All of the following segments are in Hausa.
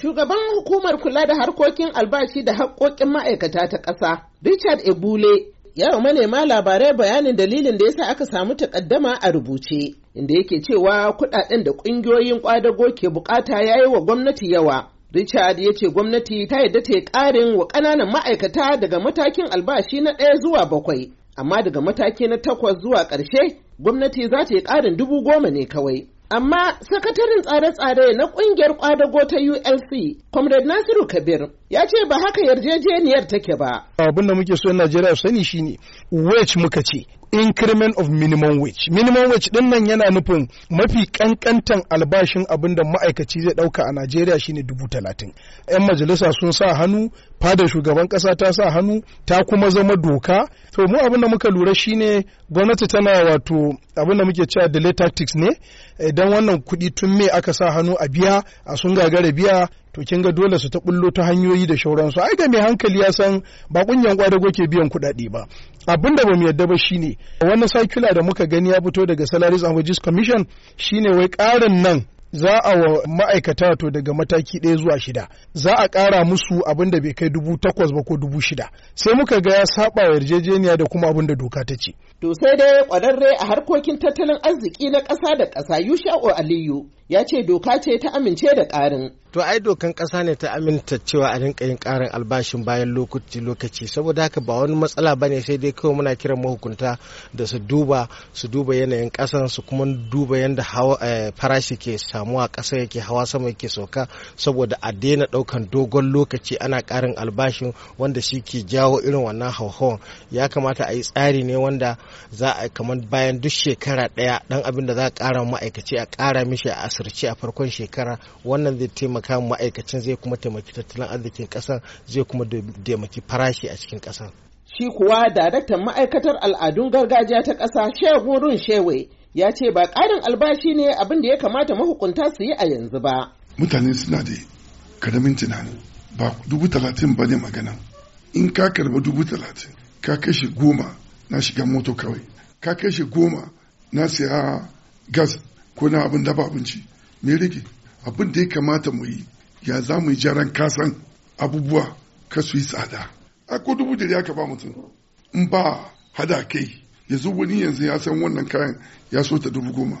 Shugaban hukumar kula da harkokin albashi da haƙoƙin ma'aikata ta ƙasa, Richard Ebule, ya wa manema labarai bayanin dalilin da ya sa aka samu takaddama a rubuce, inda yake cewa kuɗaɗen da ƙungiyoyin ƙwadago ke bukata ya yi wa gwamnati yawa. Richard ya ce gwamnati ta yadda ta ƙarin wa ƙananan ma'aikata daga matakin albashi na ɗaya zuwa bakwai, amma daga mataki na takwas zuwa ƙarshe gwamnati za ta yi ƙarin dubu goma ne kawai. Amma sakataren tsare-tsare na kungiyar kwadago ta ULC, Comrade Nasiru Kabir, ya ce ba haka yarjejeniyar take ba. Abin da muke so Najeriya sani shine wage muka ce increment of minimum wage. Minimum wage din nan yana nufin mafi kankantan albashin abin da ma'aikaci zai ɗauka a Najeriya shine dubu talatin. 'Yan majalisa sun sa hannu, fadar shugaban kasa ta sa hannu, ta kuma zama doka. To mu abin da muka lura shine gwamnati tana wato abin da muke cewa delay tactics ne. Idan wannan kuɗi tun me aka sa hannu a biya a sun gagara biya to kin ga dole su ta bullo ta hanyoyi da shauransu ai ga mai hankali ya san ba kunyan kwadago ke biyan kuɗaɗe ba abin da mu yadda ba shine wannan circular da muka gani ya fito daga salaries and wages commission shine wai ƙarin nan za a wa ma'aikata to daga mataki ɗaya zuwa shida za a ƙara musu abin da bai kai dubu takwas ba ko dubu shida sai muka ga ya saba yarjejeniya da kuma abin da doka ta ce. to sai dai kwararre a harkokin tattalin arziki na ƙasa da ƙasa yusha aliyu ya ce doka ce ta amince da ƙarin. To ai dokan ƙasa ne ta aminta cewa a rinka yin ƙarin albashin bayan lokaci lokaci saboda haka ba wani matsala ba ne sai dai kawai muna kiran mahukunta da su duba su duba yanayin kasan su kuma duba yadda eh, farashi ke samuwa ƙasa yake hawa sama yake sauka saboda a daina ɗaukan dogon lokaci ana karin albashin wanda shi ke jawo irin wannan hauhawan ya kamata a yi tsari ne wanda za a kamar bayan duk shekara ɗaya dan abin da za a ƙara ma'aikaci a ƙara mishi a asirce a farkon shekara wannan zai taimaka ma'aikacin zai kuma taimaki tattalin arzikin ƙasar zai kuma taimaki farashi a cikin ƙasar. Shi kuwa daraktan ma'aikatar al'adun gargajiya ta ƙasa Shehurun Shewe ya ce ba ƙarin albashi ne abin da ya kamata mahukunta su yi a yanzu ba. Mutane suna da karamin tunani ba dubu talatin ba ne magana. In ka karba dubu talatin ka kashe goma na shiga moto kawai ka kashe goma na siya gas ko na abin dafa abinci me rage abin da ya kamata mu yi ya za mu yi jaran kasan abubuwa ka su yi tsada a ko dubu da ka ba mutum in ba hada kai yanzu wani yanzu ya san wannan kayan ya so ta dubu goma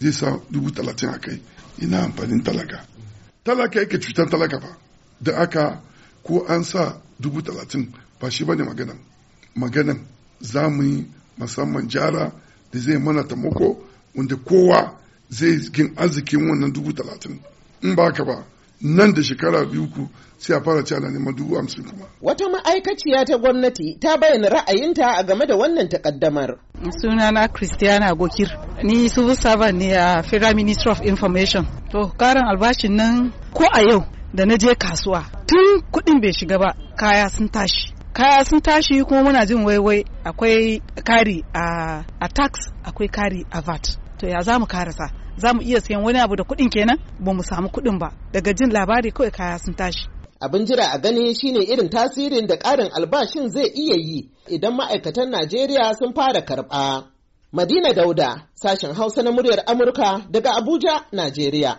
zai sa dubu talatin a kai ina amfanin talaka talaka yake cutar talaka ba da aka ko an sa dubu talatin ba shi bane maganan maganan za mu yi musamman jara da zai mana tamako wanda kowa zai gin arzikin wannan dubu talatin in ba ka ba nan da shekara biyu ku sai a fara cana neman dubu hamsin kuma. Wata ma'aikaciya ta gwamnati ta bayyana ra'ayinta a game da wannan takaddamar. Sunana Christiana Gokir, ni civil servant ne a Federal Ministry of Information. To, karin albashin nan ko a yau da na je kasuwa tun kuɗin bai shiga ba kaya sun tashi. Kaya sun tashi kuma muna jin waiwai akwai kari a tax akwai kari a VAT. to ya za mu karasa za mu iya sayan wani abu da kuɗin kenan ba mu samu kuɗin ba daga jin labari kawai kaya sun tashi abin jira a gani shine irin tasirin da ƙarin albashin zai iya yi idan ma'aikatan najeriya sun fara karɓa madina dauda sashen hausa na muryar amurka daga abuja najeriya